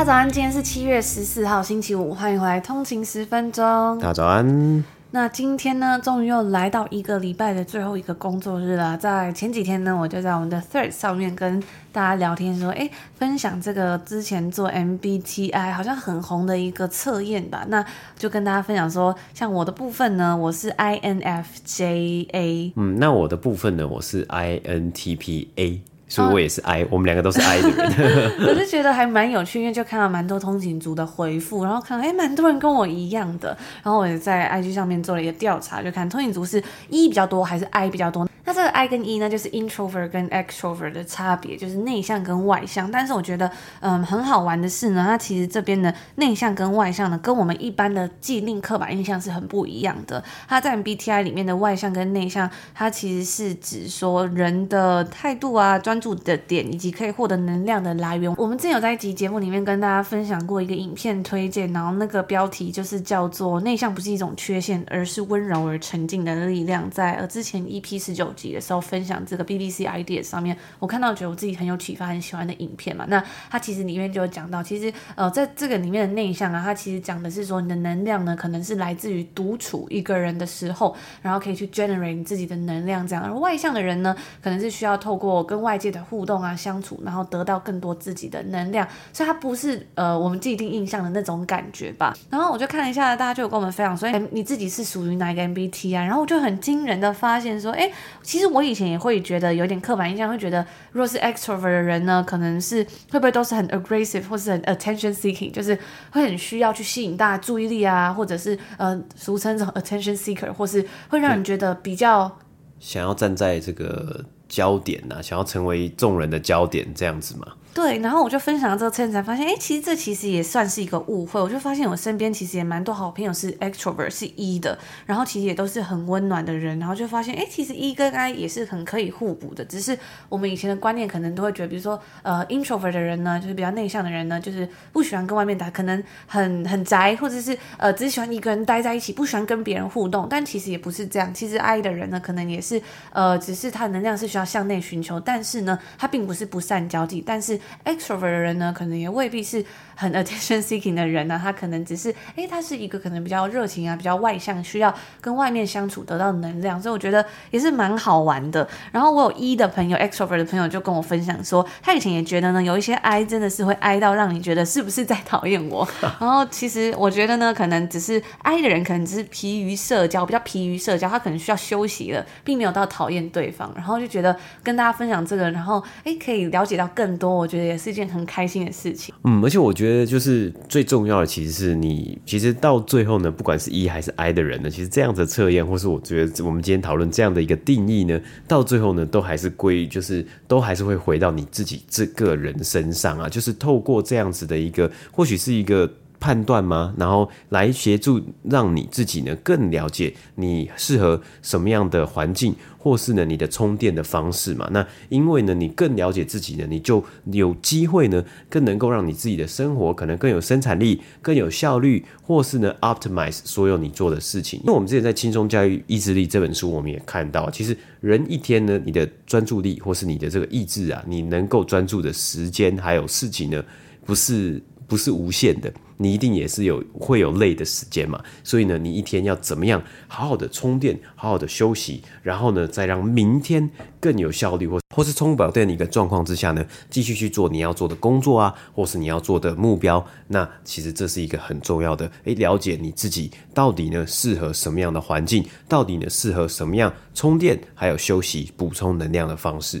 大家早安，今天是七月十四號星期五，歡迎回來通勤十分鐘。大家早安。那今天呢，終於又來到一個禮拜的最後一個工作日了。在前幾天呢，我就在我們的 Threads 上面跟大家聊天，說，哎、欸，分享這個之前做 MBTI 好像很紅的一個測驗吧。那就跟大家分享說，像我的部分呢，我是 INFJ A。嗯，那我的部分呢，我是 INTP A。所以我也是 I，uh, 我們兩個都是 I 的人。 我是覺得還蠻有趣，因為就看到蠻多通勤族的回復，然後看到哎，蠻多人跟我一樣的，然後我也在 IG 上面做了一個調查，就看通勤族是 E 比較多還是 I 比較多。它這個 I 跟 E 呢，就是 introvert 跟 extrovert 的差別，就是內向跟外向。但是我覺得，嗯，很好玩的是呢，它其實這邊的內向跟外向呢，跟我們一般的既定刻板印象是很不一樣的。它在 MBTI 裡面的外向跟內向，它其實是指說人的態度啊、專注的點以及可以獲得能量的來源。我們之前有在一集節目裡面跟大家分享過一個影片推薦，然後那個標題就是叫做“內向不是一種缺陷，而是溫柔而沉靜的力量”。在呃之前 EP 十九的時候分享這個 BBC Ideas 上面，我看到覺得我自己很有啟發、很喜歡的影片嘛。那它其實裡面就有講到，其實呃，在這個裡面的內向啊，它其實講的是說你的能量呢，可能是來自於獨處一個人的時候，然後可以去 generate 你自己的能量這樣。而外向的人呢，可能是需要透過跟外界的互動啊、相處，然後得到更多自己的能量。所以它不是呃我們既定印象的那種感覺吧？然後我就看了一下，大家就有跟我們分享，所以你自己是屬於哪一個 MBT 啊？然後我就很驚人的發現說，哎、欸。其實我以前也會覺得有點刻板印象，會覺得若是 extrovert 的人呢，可能是會不會都是很 aggressive 或是很 attention seeking，就是會很需要去吸引大家注意力啊，或者是呃俗稱這種 attention seeker，或是會讓人覺得比較想要站在這個焦點啊，想要成為眾人的焦點這樣子嘛。對，然後我就分享了之後，才發現，哎，其實這其實也算是一個誤會。我就發現我身邊其實也蠻多好朋友是 extrovert，是 E 的，然後其實也都是很溫暖的人。然後就發現，哎，其實 E 跟 I 也是很可以互補的。只是我們以前的觀念可能都會覺得，比如說，呃，introvert 的人呢，就是比較內向的人呢，就是不喜歡跟外面打，可能很很宅，或者是呃，只喜歡一個人待在一起，不喜歡跟別人互動。但其實也不是這樣。其實 I 的人呢，可能也是，呃，只是他的能量是需要向內尋求，但是呢，他並不是不善交際，但是。Extrovert 的人呢，可能也未必是很 Attention Seeking 的人呢、啊。他可能只是，誒、欸，他是一個可能比較熱情啊、比較外向，需要跟外面相處得到能量，所以我覺得也是蠻好玩的。然後我有一、e、的朋友，Extrovert 的朋友就跟我分享說，他以前也覺得呢，有一些 I 真的是會 I 到讓你覺得是不是在討厭我。然後其實我覺得呢，可能只是 I 的人可能只是疲於社交，比較疲於社交，他可能需要休息了，並沒有到討厭對方。然後就覺得跟大家分享這個，然後誒、欸，可以了解到更多我。覺得也是一件很開心的事情。嗯，而且我覺得就是最重要的，其實是你其實到最後呢，不管是 E 還是 I 的人呢，其實這樣子的測驗，或是我覺得我們今天討論這樣的一個定義呢，到最後呢，都還是歸就是都還是會回到你自己這個人身上啊，就是透過這樣子的一個，或許是一個。判斷嗎？然後來協助，讓你自己呢更了解你適合什麼樣的環境，或是呢你的充電的方式嘛。那因為呢你更了解自己呢，你就有機會呢更能夠讓你自己的生活可能更有生產力、更有效率，或是呢 optimize 所有你做的事情。那我們之前在《輕鬆駕馭意志力》這本書，我們也看到，其實人一天呢，你的專注力或是你的這個意志啊，你能夠專注的時間還有事情呢，不是。不是無限的，你一定也是有會有累的時間嘛？所以呢，你一天要怎麼樣好好的充電，好好的休息，然後呢，再讓明天更有效率或、或是充飽電的一個狀況之下呢，繼續去做你要做的工作啊，或是你要做的目標。那其實這是一個很重要的，哎，了解你自己到底呢適合什麼樣的環境，到底呢適合什麼樣充電還有休息補充能量的方式。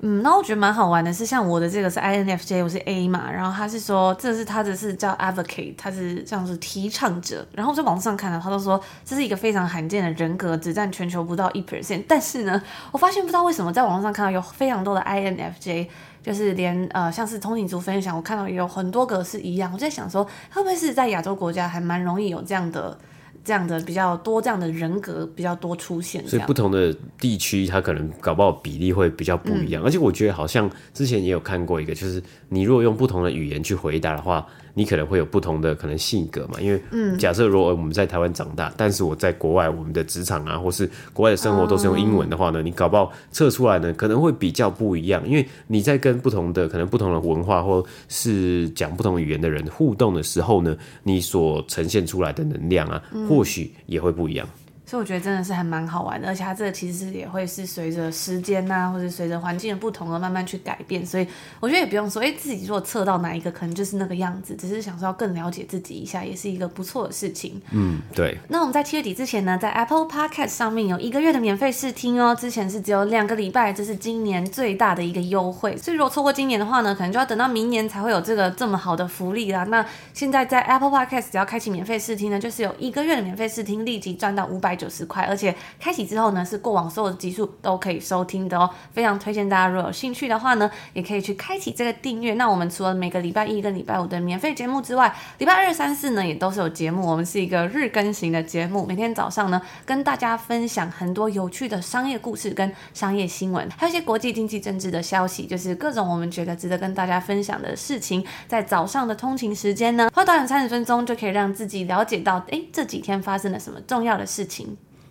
嗯，那我覺得蠻好玩的，是像我的這個是 INFJ，我是 A 嘛，然後他是說、這個、是他這是他的是叫 advocate，他是這樣子提倡者。然後我在網上看到，他都說這是一個非常罕見的人格，只占全球不到一 percent。但是呢，我發現不知道為什麼，在網上看到有非常多的 INFJ，就是連呃像是通勤族分享，我看到也有很多個是一樣。我在想說，會不會是在亞洲國家還蠻容易有這樣的？這樣的比較多，這樣的人格比較多出現，所以不同的地區，它可能搞不好比例會比較不一樣。嗯、而且我覺得好像之前也有看過一個，就是你如果用不同的語言去回答的話。你可能會有不同的可能性格嘛。因為假設如果我們在台灣長大，嗯、但是我在國外，我們的職場啊，或是國外的生活都是用英文的話呢，嗯、你搞不好測出來呢，可能會比較不一樣。因為你在跟不同的可能不同的文化或是講不同語言的人互動的時候呢，你所呈現出來的能量啊，或許也會不一樣。嗯。所以我覺得真的是還蠻好玩的，而且它這個其實也會是隨着時間吶、啊，或者隨着環境的不同而慢慢去改變。所以我覺得也不用說，哎、欸，自己如果測到哪一個，可能就是那個樣子。只是想說，要更了解自己一下，也是一個不錯的事情。嗯，對。那我們在七月底之前呢，在 Apple Podcast 上面有一個月的免費試聽哦。之前是只有兩個禮拜，這是今年最大的一個優惠。所以如果錯過今年的話呢，可能就要等到明年才會有這個這麼好的福利啦。那現在在 Apple Podcast 只要開啟免費試聽呢，就是有一個月的免費試聽，立即賺到五百。九十塊，而且開啟之後呢，是過往所有的集數都可以收聽的哦。非常推薦大家，如果有興趣的話呢，也可以去開啟這個訂閱。那我們除了每個禮拜一跟禮拜五的免費節目之外，禮拜二、三、四呢也都是有節目。我們是一個日更型的節目，每天早上呢跟大家分享很多有趣的商業故事、跟商業新聞，還有一些國際經濟政治的消息，就是各種我們覺得值得跟大家分享的事情。在早上的通勤時間呢，花短兩三十分鐘，就可以讓自己了解到，誒，這幾天發生了什麼重要的事情。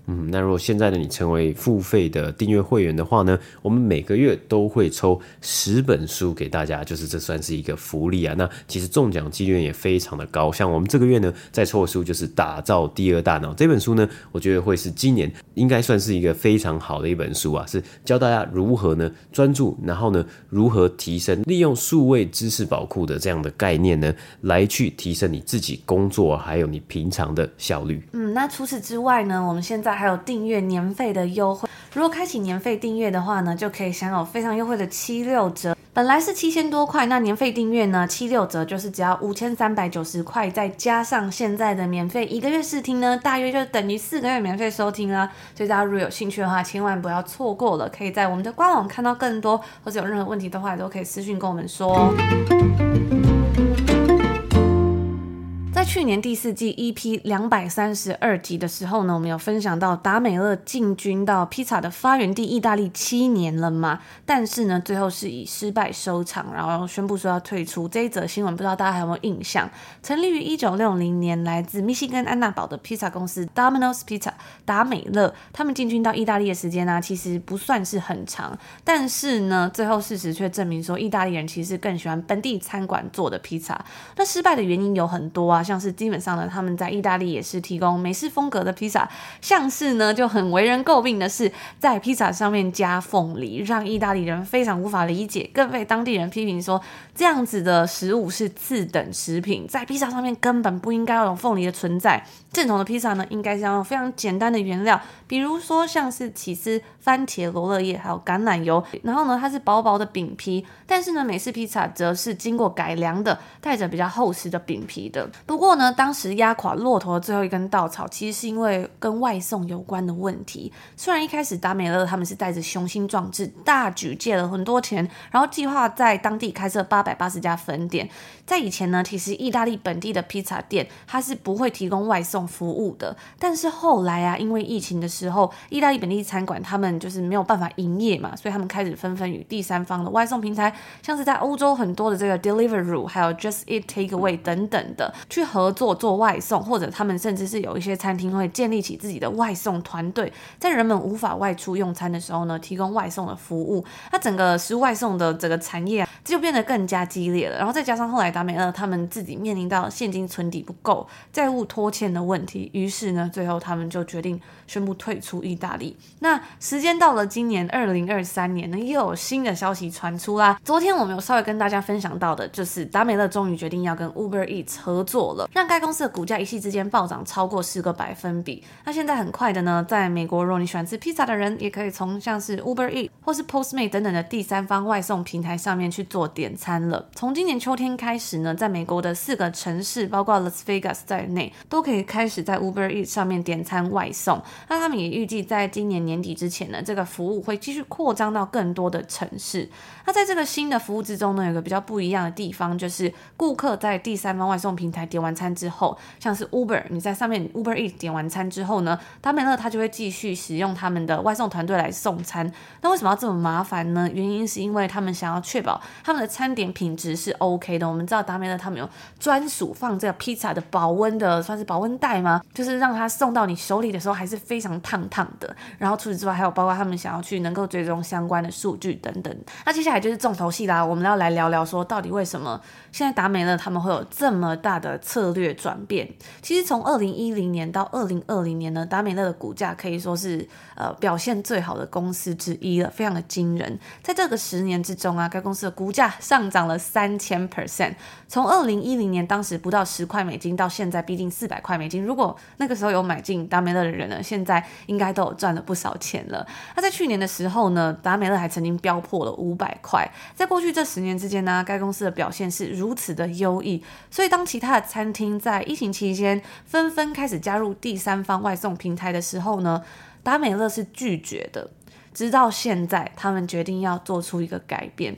嗯，那如果現在呢，你成為付費的訂閱會員的話呢，我們每個月都會抽十本書給大家，就是這算是一個福利啊。那其實中獎機率也非常的高，像我們這個月呢，在抽的書就是《打造第二大腦》這本書呢，我覺得會是今年應該算是一個非常好的一本書啊，是教大家如何呢專注，然後呢如何提升利用數位知識寶庫的這樣的概念呢，來去提升你自己工作還有你平常的效率。嗯，那除此之外呢，我們現在。還有訂閱年費的優惠，如果開啟年費訂閱的話呢，就可以享有非常優惠的七六折。本來是七千多塊，那年費訂閱呢，七六折就是只要五千三百九十塊，再加上現在的免費一個月試聽呢，大約就等於四個月免費收聽啦，啊，所以大家如果有興趣的話，千萬不要錯過了，可以在我們的官網看到更多，或者有任何問題的話，都可以私訊跟我們說。嗯去年第四季 EP 兩百三十二集的時候呢，我們有分享到達美樂進軍到披薩的發源地意大利七年了嗎？但是呢，最後是以失敗收場，然後宣布說要退出。這一則新聞，不知道大家還有沒有印象？成立於一九六零年，來自密西根安娜堡的披薩公司 Domino's Pizza 達美樂，他們進軍到意大利的時間呢，其實不算是很長，但是呢，最後事實卻證明說，意大利人其實更喜歡本地餐館做的披薩。那失敗的原因有很多啊，像是基本上呢，他們在意大利也是提供美式風格的披薩，像是呢就很為人詬病的是，在披薩上面加鳳梨，讓意大利人非常無法理解，更被當地人批評說，這樣子的食物是次等食品，在披薩上面根本不應該有鳳梨的存在。正統的披薩呢，應該是要用非常簡單的原料，比如說像是起司、番茄、羅勒葉，還有橄欖油。然後呢，它是薄薄的餅皮。但是呢，美式披薩則是經過改良的，帶着比較厚實的餅皮的。不過呢，當時壓垮駱駝的最後一根稻草，其實是因為跟外送有關的問題。雖然一開始達美樂他們是帶着雄心壯志，大舉借了很多錢，然後計劃在當地開設八百八十家分店。在以前呢，其實意大利本地的披薩店它是不會提供外送服務的，但是後來啊，因為疫情的時候，意大利本地餐館他們就是沒有辦法營業嘛，所以他們開始紛紛與第三方的外送平台，像是在歐洲很多的這個 Deliveroo，還有 Just Eat Takeaway 等等的去合作做外送，或者他們甚至是有一些餐廳會建立起自己的外送團隊，在人們無法外出用餐的時候呢，提供外送的服務。那、啊、整個食物外送的這個產業、啊、就變得更加激烈了。然後再加上後來達美樂他們自己面臨到現金存底不夠、債務拖欠的。問題，於是呢，最後他們就決定宣布退出意大利。那時間到了今年二零二三年呢，又有新的消息傳出啦。昨天我們有稍微跟大家分享到的，就是達美樂終於決定要跟 Uber Eats 合作了，讓該公司的股價一夕之間暴漲超過四個百分比。那現在很快的呢，在美國，如果你喜歡吃披薩的人，也可以從像是 Uber Eats 或是 Postmate 等等的第三方外送平台上面去做點餐了。從今年秋天開始呢，在美國的四個城市，包括 Las Vegas 在內，都可以開。開始在 Uber Eats 上面點餐外送，那他們也預計在今年年底之前呢，這個服務會繼續擴張到更多的城市。那在這個新的服務之中呢，有個比較不一樣的地方，就是顧客在第三方外送平台點完餐之後，像是 Uber，你在上面 Uber Eats 點完餐之後呢，達美樂他就會繼續使用他們的外送團隊來送餐。那為什麼要這麼麻煩呢？原因是因為他們想要確保他們的餐點品質是 OK 的。我們知道達美樂他們有專屬放這個披薩的保溫的，算是保溫袋。嗎？就是讓他送到你手裡的時候還是非常燙燙的。然後除此之外，還有包括他們想要去能夠追蹤相關的數據等等。那接下來就是重頭戲啦，我們要來聊聊說到底為什麼現在達美樂他們會有這麼大的策略轉變？其實從二零一零年到二零二零年呢，達美樂的股價可以說是呃表現最好的公司之一了，非常的驚人。在這個十年之中啊，該公司的股價上漲了三千 percent，從二零一零年當時不到十塊美金，到現在逼近四百塊美金。如果那個時候有買進達美樂的人呢，現在應該都有賺了不少錢了。那、啊、在去年的時候呢，達美樂還曾經飆破了五百塊。在過去這十年之間呢、啊，該公司的表現是如此的優異。所以當其他的餐廳在疫情期間紛紛開始加入第三方外送平台的時候呢，達美樂是拒絕的。直到現在，他們決定要做出一個改變。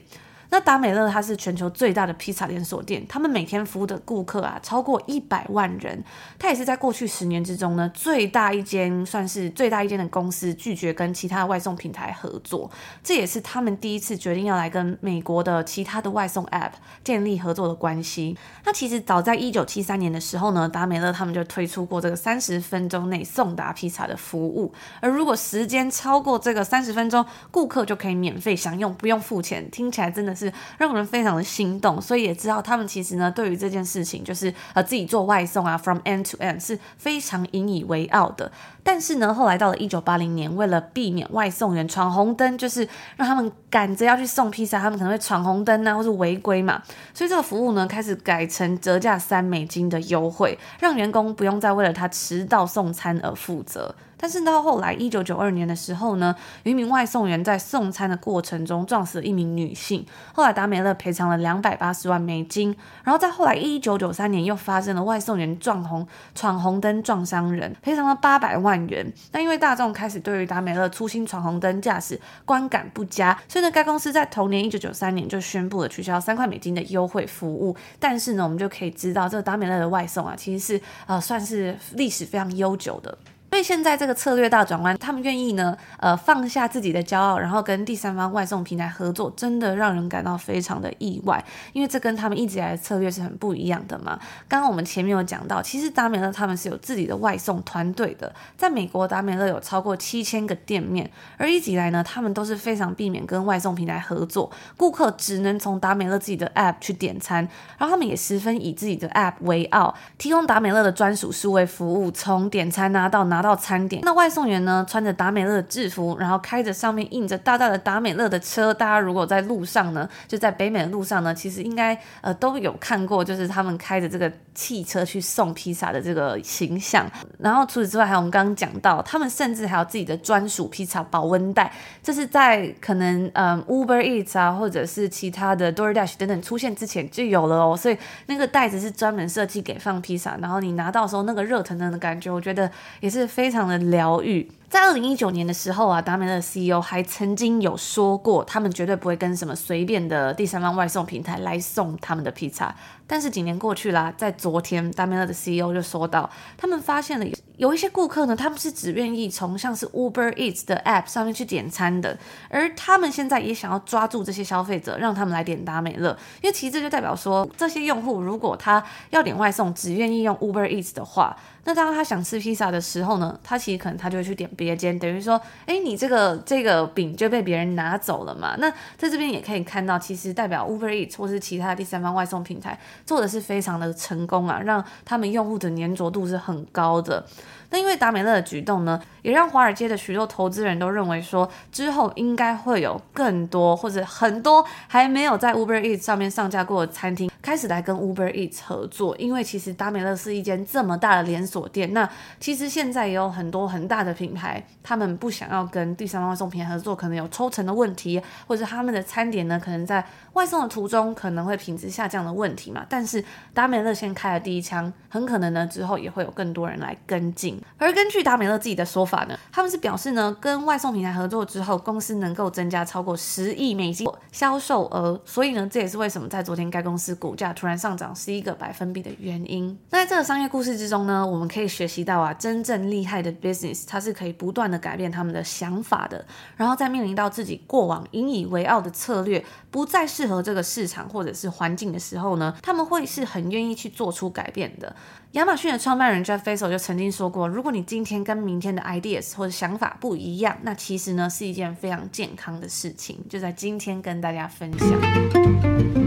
那達美樂它，是全球最大的披薩連鎖店，他們每天服務的顧客啊超過一百萬人。它也是在過去十年之中呢，最大一間算是最大一間的公司拒絕跟其他外送平台合作。這也是他們第一次決定要來跟美國的其他的外送 App 建立合作的關係。那其實早在一九七三年的時候呢，達美樂他們就推出過這個三十分鐘內送達披薩的服務。而如果時間超過這個三十分鐘，顧客就可以免費享用，不用付錢。聽起來真的是。是讓人非常的心動，所以也知道他們其實呢，對於這件事情就是呃自己做外送啊，from end to end 是非常引以為傲的。但是呢，後來到了一九八零年，為了避免外送員闖紅燈，就是讓他們趕着要去送披薩，他們可能會闖紅燈啊，或是違規嘛，所以這個服務呢開始改成折價三美金的優惠，讓員工不用再為了他遲到送餐而負責。但是呢，到後來，一九九二年的時候呢，有一名外送員在送餐的過程中撞死了一名女性。後來達美樂賠償了兩百八十萬美金。然後在後來一九九三年又發生了外送員撞紅闖紅燈撞傷人，賠償了八百萬元。那因為大眾開始對於達美樂粗心闖紅燈駕駛觀感不佳，所以呢，該公司在同年一九九三年就宣布了取消三塊美金的優惠服務。但是呢，我們就可以知道這個達美樂的外送啊，其實是呃算是歷史非常悠久的。現在這個策略大轉彎，他們願意呢，呃，放下自己的驕傲，然後跟第三方外送平台合作，真的讓人感到非常的意外，因為這跟他們一直以來的策略是很不一樣的嘛。剛剛我們前面有講到，其實達美樂他們是有自己的外送團隊的，在美國達美樂有超過七千個店面，而一直以來呢，他們都是非常避免跟外送平台合作，顧客只能從達美樂自己的 app 去點餐，然後他們也十分以自己的 app 為傲，提供達美樂的專屬數位服務，從點餐拿到拿到。到餐點，那外送員呢，穿着達美樂的制服，然後開着上面印着大大的達美樂的車。大家如果在路上呢，就在北美的路上呢，其實應該呃都有看過，就是他們開着這個汽車去送披薩的這個形象。然後除此之外，還有我們剛剛講到，他們甚至還有自己的專屬披薩保溫袋，這是在可能嗯、呃、Uber Eats 啊，或者是其他的 DoorDash 等等出現之前就有了哦。所以那個袋子是專門設計給放披薩，然後你拿到時候那個熱騰騰的感覺，我覺得也是。非常的療癒。在二零一九年的時候啊，達美樂 CEO 還曾經有說過，他們絕對不會跟什麼隨便的第三方外送平台來送他們的披薩。但是幾年過去啦，在昨天，達美樂的 CEO 就說到，他們發現了有一些顧客呢，他們是只願意從像是 Uber Eats 的 App 上面去點餐的，而他們現在也想要抓住這些消費者，讓他們來點達美樂，因為其實這就代表說，這些用戶如果他要點外送，只願意用 Uber Eats 的話，那當他想吃披薩的時候呢，他其實可能他就會去點。別間。等於說，哎，你這個這個餅就被別人拿走了嘛？那在這邊也可以看到，其實代表 Uber Eats 或是其他的第三方外送平台做的是非常的成功啊，讓他們用戶的粘着度是很高的。那因為達美樂的舉動呢，也讓華爾街的許多投資人都認為說，之後應該會有更多或者很多還沒有在 Uber Eats 上面上架過的餐廳。開始來跟 Uber Eats 合作，因為其實達美樂是一間這麼大的連鎖店。那其實現在也有很多很大的品牌，他們不想要跟第三方外送平台合作，可能有抽成的問題，或者他們的餐點呢，可能在外送的途中可能會品質下降的問題嘛。但是達美樂先開了第一槍，很可能呢之後也會有更多人來跟進。而根據達美樂自己的說法呢，他們是表示呢，跟外送平台合作之後，公司能夠增加超過十億美金銷售額。所以呢，這也是為什麼在昨天該公司股價突然上漲十一個百分比的原因。那在這個商業故事之中呢，我們可以學習到啊，真正厲害的 business，它是可以不斷的改變他們的想法的。然後在面臨到自己過往引以為傲的策略不再適合這個市場或者是環境的時候呢，他們會是很願意去做出改變的。亞馬遜的創辦人 Jeff Bezos 就曾經說過，如果你今天跟明天的 ideas 或者想法不一樣，那其實呢，是一件非常健康的事情。就在今天跟大家分享。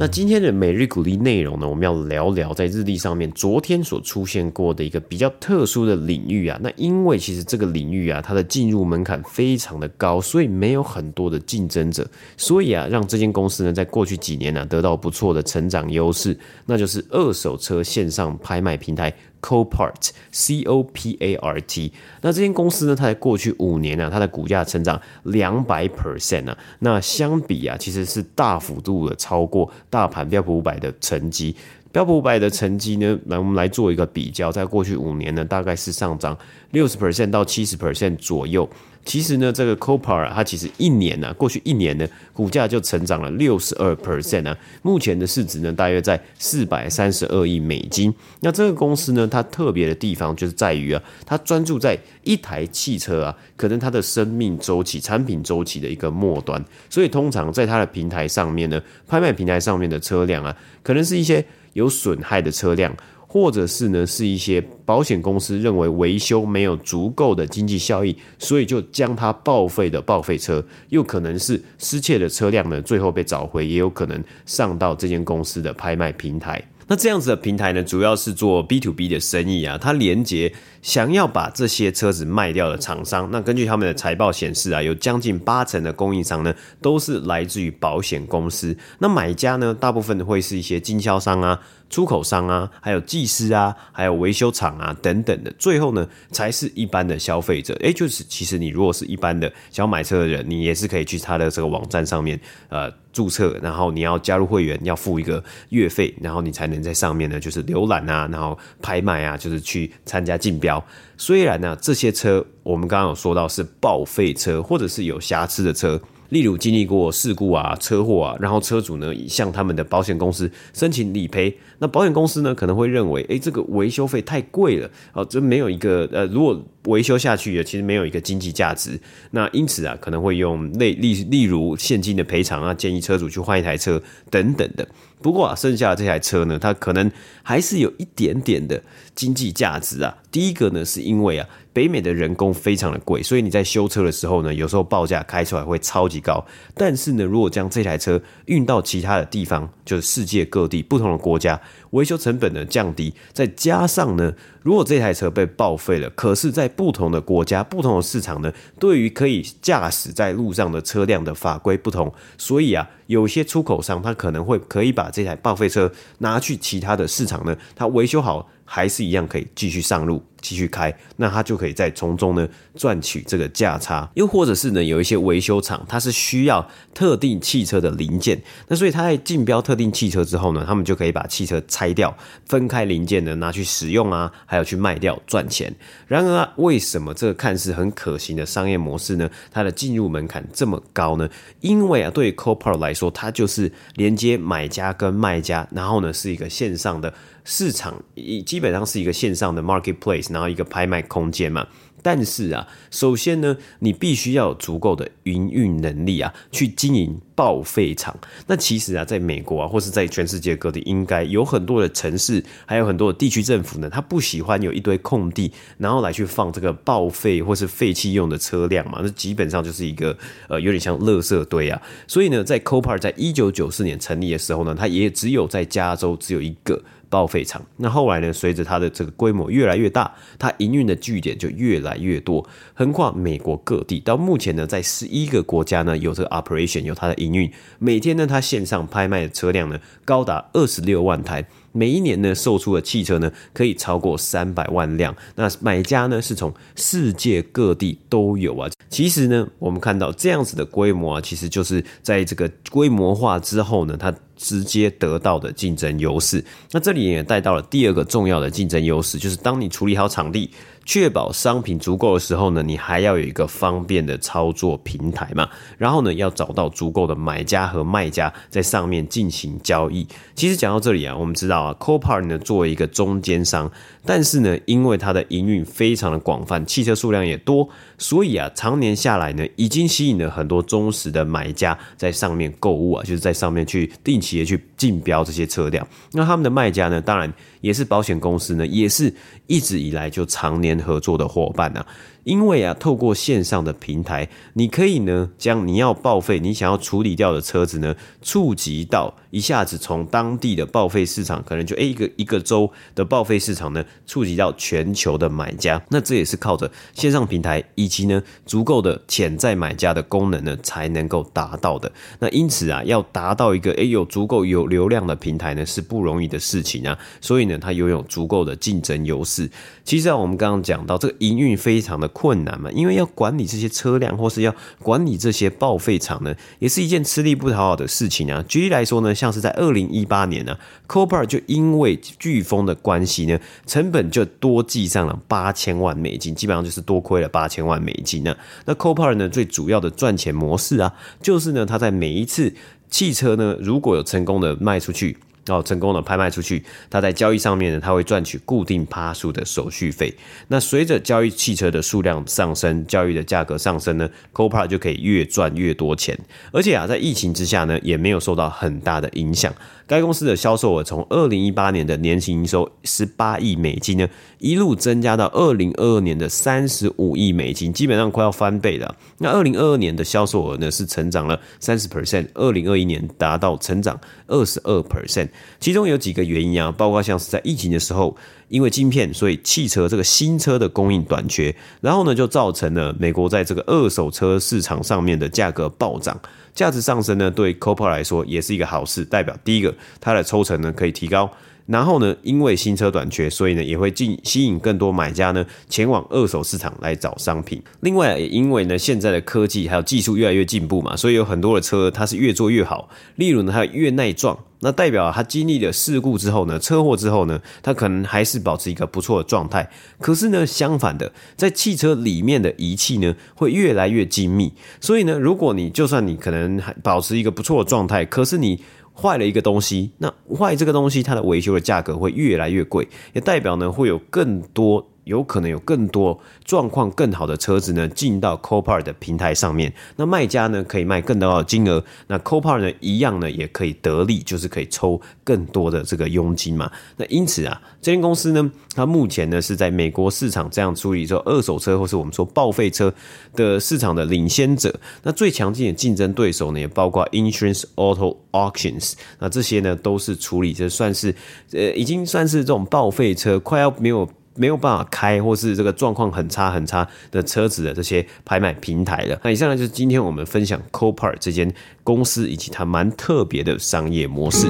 那今天的每日鼓勵內容呢，我們要聊聊在日曆上面昨天所出現過的一個比較特殊的領域啊。那因為其實這個領域啊，它的進入門檻非常的高，所以沒有很多的競爭者，所以啊，讓這間公司呢，在過去幾年呢，啊，得到不錯的成長優勢，那就是二手車線上拍賣平台，Copart，C O P A R T，那這間公司呢，它在過去五年呢，啊，它的股價的成長兩百 percent 呢。那相比啊，其實是大幅度的超過大盤標普五百的成績。標普五百的成績呢，來我們來做一個比較，在過去五年呢，大概是上漲六十 percent 到七十 percent 左右。其實呢，這個 Copart 它其實一年呢、啊，過去一年呢，股價就成長了六十二 percent 啊，目前的市值呢，大約在四百三十二億美金。那這個公司呢，它特別的地方就是在於啊，它專注在一台汽車啊，可能它的生命週期、產品週期的一個末端，所以通常在它的平台上面呢，拍賣平台上面的車輛啊，可能是一些有損害的車輛。或者是呢，是一些保險公司認為維修沒有足夠的經濟效益，所以就將它報廢的報廢車，又可能是失竊的車輛呢，最後被找回，也有可能上到這間公司的拍賣平台。那這樣子的平台呢，主要是做 B to B 的生意啊，它連接想要把這些車子賣掉的廠商。那根據他們的財報顯示啊，有將近八成的供應商呢，都是來自於保險公司。那買家呢，大部分會是一些經銷商啊。出口商啊，還有技師啊，還有維修廠啊等等的，最後呢才是一般的消費者。哎，就是其實你如果是一般的想買車的人，你也是可以去他的這個網站上面呃註冊，然後你要加入會員，要付一個月費，然後你才能在上面呢就是瀏覽啊，然後拍賣啊，就是去參加競標。雖然呢，這些車我們剛剛有說到是報廢車或者是有瑕疵的車。例如經歷過事故啊、車禍啊，然後車主呢已向他們的保險公司申請理賠，那保險公司呢可能會認為，哎，這個維修費太貴了，哦，這沒有一個呃，如果。維修下去也其實沒有一個經濟價值，那因此啊可能會用類例，例，例如現金的賠償啊，建議車主去換一台車等等的。不過啊，剩下的這台車呢，它可能還是有一點點的經濟價值啊。第一個呢，是因為啊北美的人工非常的貴，所以你在修車的時候呢，有時候報價開出來會超級高。但是呢，如果將這台車運到其他的地方，就是世界各地不同的國家。維修成本呢降低，再加上呢，如果這台車被報廢了，可是在不同的國家、不同的市場呢，對於可以駕駛在路上的車輛的法規不同，所以啊，有些出口商他可能會可以把這台報廢車拿去其他的市場呢，他維修好。還是一樣可以繼續上路，繼續開，那他就可以再從中呢賺取這個價差。又或者是呢，有一些維修廠，它是需要特定汽車的零件，那所以他在競標特定汽車之後呢，他們就可以把汽車拆掉，分開零件呢拿去使用啊，還有去賣掉賺錢。然而啊，為什麼這個看似很可行的商業模式呢？它的進入門檻這麼高呢？因為啊，對於 Copart 來說，它就是連接買家跟賣家，然後呢是一個線上的。市場基本上是一個線上的 marketplace，然後一個拍賣空間嘛。但是啊，首先呢，你必須要有足夠的營運能力啊，去經營報廢廠。那其實啊，在美國啊，或是在全世界各地，應該有很多的城市，還有很多的地區政府呢，他不喜歡有一堆空地，然後來去放這個報廢或是廢棄用的車輛嘛。那基本上就是一個呃，有點像垃圾堆啊。所以呢，在 Copart 在一九九四年成立的時候呢，他也只有在加州只有一個。報廢廠，那後來呢，隨着它的這個規模越來越大，它營運的據點就越來越多，橫跨美國各地。到目前呢，在十一個國家呢，有這個 operation，有它的營運。每天呢，它線上拍賣的車輛呢，高達二十六萬台。每一年呢，售出的汽車呢，可以超過三百萬輛。那買家呢，是從世界各地都有啊。其實呢，我們看到這樣子的規模啊，其實就是在這個規模化之後呢，它。直接得到的競爭優勢，那這裡也帶到了第二個重要的競爭優勢，就是當你處理好場地，確保商品足夠的時候呢，你還要有一個方便的操作平台嘛，然後呢，要找到足夠的買家和賣家在上面進行交易。其實講到這裡啊，我們知道啊 Copart 呢作為一個中間商，但是呢，因為它的營運非常的廣泛，汽車數量也多，所以啊，常年下來呢，已經吸引了很多忠實的買家在上面購物啊，就是在上面去定期的去。競標這些車輛，那他們的賣家呢？當然也是保險公司呢，也是一直以來就常年合作的夥伴啊。因為啊，透過線上的平台，你可以呢，將你要報廢、你想要處理掉的車子呢，觸及到一下子從當地的報廢市場，可能就哎一個一個州的報廢市場呢，觸及到全球的買家。那這也是靠着線上平台以及呢足夠的潛在買家的功能呢，才能夠達到的。那因此啊，要達到一個哎有足夠有流量的平台呢，是不容易的事情啊。所以呢，它擁有足夠的競爭優勢。其實啊，我們剛剛講到這個營運非常的。困難嘛，因為要管理這些車輛，或是要管理這些報廢廠呢，也是一件吃力不討好的事情啊。舉例來說呢，像是在二零一八年呢、啊、，Copart 就因為颶風的關係呢，成本就多計上了八千萬美金，基本上就是多虧了八千萬美金呢、啊。那 Copart 呢，最主要的賺錢模式啊，就是呢，他在每一次汽車呢，如果有成功的賣出去。然後成功的拍賣出去，它在交易上面呢，它會賺取固定趴數的手續費。那隨着交易汽車的數量上升，交易的價格上升呢，Copart 就可以越賺越多錢。而且啊，在疫情之下呢，也沒有受到很大的影響。該公司的銷售額從二零一八年的年營收十八億美金呢，一路增加到二零二二年的三十五億美金，基本上快要翻倍了。那二零二二年的銷售額呢，是成長了三十 percent，二零二一年達到成長二十二 percent，其中有幾個原因啊，包括像是在疫情的時候。因為晶片，所以汽車這個新車的供應短缺，然後呢，就造成了美國在這個二手車市場上面的價格暴漲，價值上升呢，對 Copart 來說也是一個好事，代表第一個，它的抽成呢可以提高。然後呢，因為新車短缺，所以呢也會進吸引更多買家呢前往二手市場來找商品。另外，也因為呢現在的科技還有技術越來越進步嘛，所以有很多的車它是越做越好。例如呢，它越耐撞，那代表它經歷了事故之後呢，車禍之後呢，它可能還是保持一個不錯的狀態。可是呢，相反的，在汽車裡面的儀器呢，會越來越精密，所以呢，如果你就算你可能還保持一個不錯的狀態，可是你。壞了一個東西，那壞這個東西，它的維修的價格會越來越貴，也代表呢會有更多。有可能有更多狀況更好的車子呢進到 Copart 的平台上面，那賣家呢可以賣更多的金額，那 Copart 呢一樣呢也可以得利，就是可以抽更多的這個佣金嘛。那因此啊，這間公司呢，它目前呢是在美國市場這樣處理說二手車或是我們說報廢車的市場的領先者。那最強勁的競爭對手呢，也包括 Insurance Auto Auctions，那這些呢都是處理這算是呃已經算是這種報廢車快要沒有。沒有辦法開，或是這個狀況很差很差的車子的這些拍賣平台的。那以上呢，就是今天我們分享 Copart 這間公司以及它蠻特別的商業模式。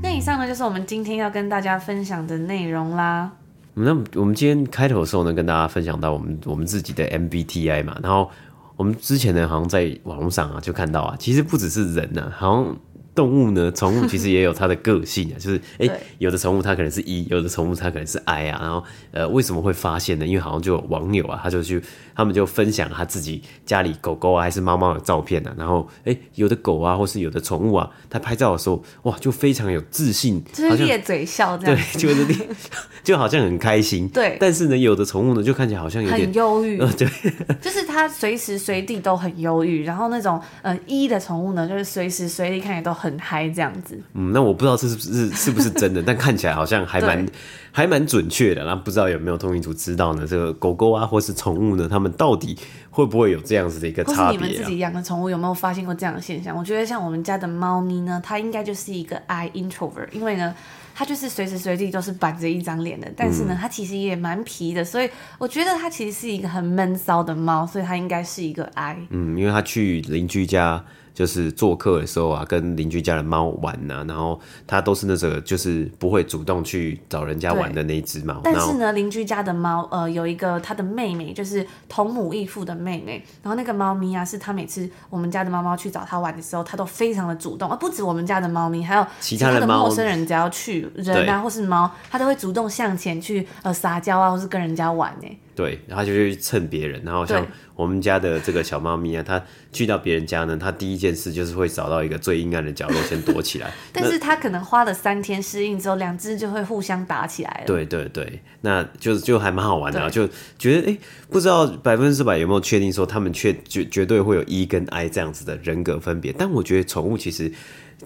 那以上呢，就是我們今天要跟大家分享的內容啦。那我們今天開頭的時候呢，跟大家分享到我們我們自己的 MBTI 嘛，然後我們之前呢，好像在網絡上啊就看到啊，其實不只是人啊，好像。動物呢，寵物其實也有它的個性啊， 就是哎、欸，有的寵物它可能是“一”，有的寵物它可能是 “I” 啊，然後呃，為什麼會發現呢？因為好像就有網友啊，他就去，他們就分享他自己家裡狗狗啊還是貓貓的照片啊，然後哎、欸，有的狗啊或是有的寵物啊，它拍照的時候哇，就非常有自信，就是咧嘴笑這樣，對，就是 就好像很開心，對。但是呢，有的寵物呢就看起來好像有點憂鬱，對，呃、就， 就是它隨時隨地都很憂鬱，然後那種嗯“一、呃”的寵物呢，就是隨時隨地看起來都很。很嗨這樣子，嗯，那我不知道這是不是是不是真的， 但看起來好像還蠻對還蠻準確的。然後不知道有沒有通義組知道呢？這個狗狗啊，或是寵物呢，他們到底會不會有這樣子的一個差別啊？或者你們自己養的寵物有沒有發現過這樣的現象？我覺得像我們家的貓咪呢，它應該就是一個 I introvert，因為呢，它就是隨時隨地都是板着一張臉的。但是呢，它其實也蠻皮的，所以我覺得它其實是一個很悶騷的貓，所以它應該是一個 I。嗯，因為它去鄰居家。就是做客的時候啊，跟鄰居家的貓玩啊。然後它都是那個，就是不會主動去找人家玩的那一隻貓。對後但是呢，鄰居家的貓，呃，有一個它的妹妹，就是同母異父的妹妹。然後那個貓咪啊，是它每次我們家的貓貓去找它玩的時候，它都非常的主動啊、呃。不止我們家的貓咪，還有其他的陌生人，只要去人啊對或是貓，它都會主動向前去呃撒嬌啊，或是跟人家玩、欸。對，然後就去蹭別人。然後像我們家的這個小貓咪啊，它對去到別人家呢，它第一件事就是會找到一個最陰暗的角落先躲起來。 那但是它可能花了三天適應之後，兩隻就會互相打起來。對對對，那就就還蠻好玩的啊，對就覺得，誒，不知道百分之百有沒有確定說它們確絕絕對會有 E 跟 I 這樣子的人格分別。但我覺得寵物其實。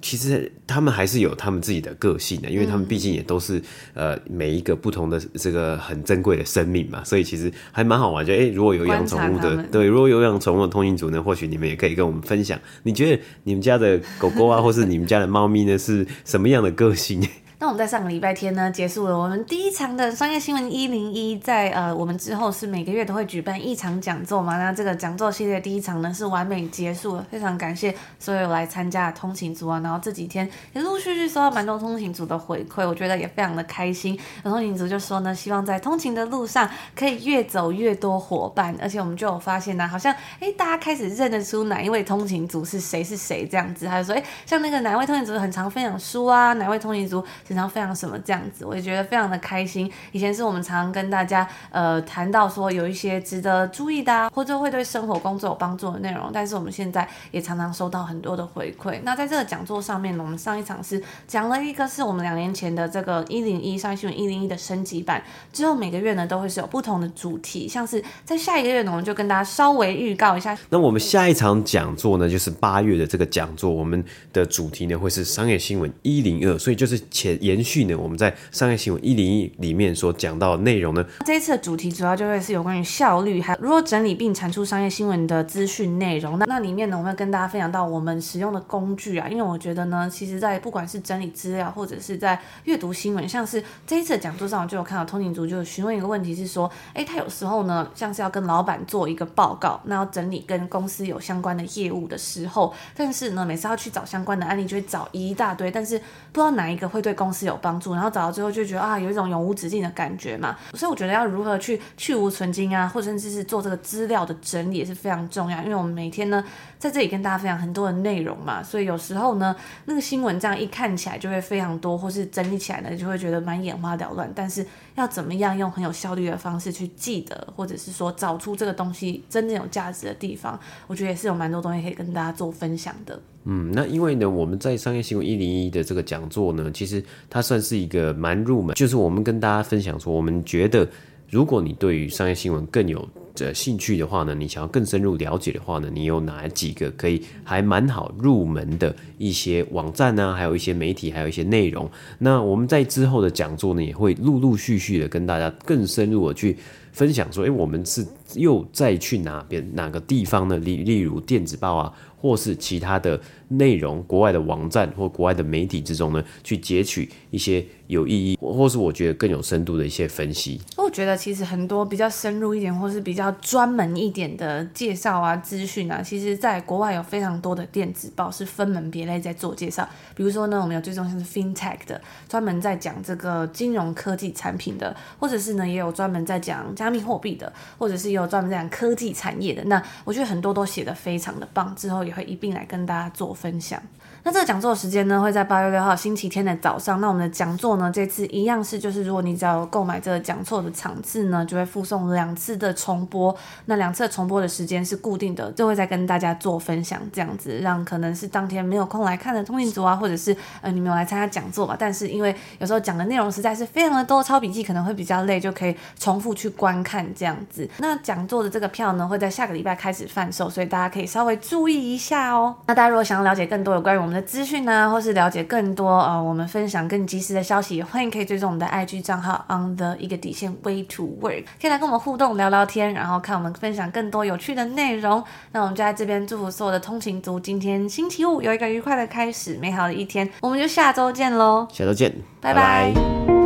其實他們還是有他們自己的個性的，因為他們畢竟也都是呃每一個不同的這個很珍貴的生命嘛，所以其實還蠻好玩得，誒，如果有養寵物的，對，如果有養寵物的通勤族呢，或許你們也可以跟我們分享，你覺得你們家的狗狗啊，或是你們家的貓咪呢， 是什麼樣的個性？那我們在上個禮拜天呢，結束了我們第一場的商業新聞一零一，在呃我們之後是每個月都會舉辦一場講座嘛。那這個講座系列第一場呢是完美結束了，非常感謝所有來參加的通勤族啊。然後這幾天也陸陸續續收到蠻多通勤族的回饋，我覺得也非常的開心。然後通勤族就說呢，希望在通勤的路上可以越走越多夥伴，而且我們就有發現呢、啊，好像誒，大家開始認得出哪一位通勤族是誰是誰這樣子。還有說誒，像那個哪位通勤族很常分享書啊，哪位通勤族。然後非常什麼這樣子，我也覺得非常的開心。以前是我們常常跟大家呃談到說有一些值得注意的，啊，或者會對生活工作有幫助的內容。但是我們現在也常常收到很多的回饋。那在這個講座上面呢，我們上一場是講了一個是我們兩年前的這個一零一商業新聞一零一的升級版。之後每個月呢都會是有不同的主題，像是在下一個月呢，我們就跟大家稍微預告一下。那我們下一場講座呢就是八月的這個講座，我們的主題呢會是商業新聞一零二，所以就是前。延續呢，我們在商業新聞一零一裡面所講到的內容呢，這一次的主題主要就會是有關於效率，還有如何整理並產出商業新聞的資訊內容。那那裡面呢，我們要跟大家分享到我們使用的工具啊，因為我覺得呢，其實在不管是整理資料或者是在閱讀新聞，像是這一次的講座上，我就有看到通勤族就詢問一個問題，是說，哎，他有時候呢，像是要跟老闆做一個報告，那要整理跟公司有相關的業務的時候，但是呢，每次要去找相關的案例，就會找一大堆，但是不知道哪一個會對公司有幫助，然後找到之後就覺得啊，有一種永無止境的感覺嘛。所以我覺得要如何去去無存精啊，或甚至是做這個資料的整理也是非常重要。因為我們每天呢，在這裡跟大家分享很多的內容嘛，所以有時候呢，那個新聞這樣一看起來就會非常多，或是整理起來呢就會覺得蠻眼花繚亂。但是要怎麼樣用很有效率的方式去記得，或者是說找出這個東西真正有價值的地方，我覺得也是有蠻多東西可以跟大家做分享的。嗯，那因為呢，我們在商業新聞一零一的這個講座呢，其實它算是一個蠻入門，就是我們跟大家分享說，我們覺得如果你對於商業新聞更有、呃、興趣的話呢，你想要更深入了解的話呢，你有哪幾個可以還蠻好入門的一些網站呢、啊？還有一些媒體，還有一些內容。那我們在之後的講座呢，也會陸陸續續的跟大家更深入的去分享說，誒、欸，我們是又再去哪邊哪個地方呢？例例如電子報啊。或是其他的內容，國外的網站或國外的媒體之中呢，去截取一些有意義，或是我覺得更有深度的一些分析。我覺得其實很多比較深入一點，或是比較專門一點的介紹啊、資訊啊，其實在國外有非常多的電子報是分門別類在做介紹。比如說呢，我們有追蹤像是 FinTech 的，專門在講這個金融科技產品的，或者是呢也有專門在講加密貨幣的，或者是也有專門在講科技產業的。那我覺得很多都寫得非常的棒，之後，會一併來跟大家做分享。那這個講座的時間呢，會在八月六號星期天的早上。那我們的講座呢，這一次一樣是，就是如果你只要購買這個講座的場次呢，就會附送兩次的重播。那兩次的重播的時間是固定的，就會再跟大家做分享，這樣子讓可能是當天沒有空來看的通勤族啊，或者是呃你們有來參加講座吧。但是因為有時候講的內容實在是非常的多，抄筆記可能會比較累，就可以重複去觀看這樣子。那講座的這個票呢，會在下個禮拜開始販售，所以大家可以稍微注意一下哦、喔。那大家如果想要了解更多有關於我們。的資訊呢，或是了解更多呃，我們分享更及時的消息，歡迎可以追蹤我們的 IG 賬號 On The 一個底線 Way to Work，可以來跟我們互動聊聊天，然後看我們分享更多有趣的內容。那我們就在這邊祝福所有的通勤族，今天星期五有一個愉快的開始，美好的一天。我們就下周見嘍，下周見，bye bye 拜拜。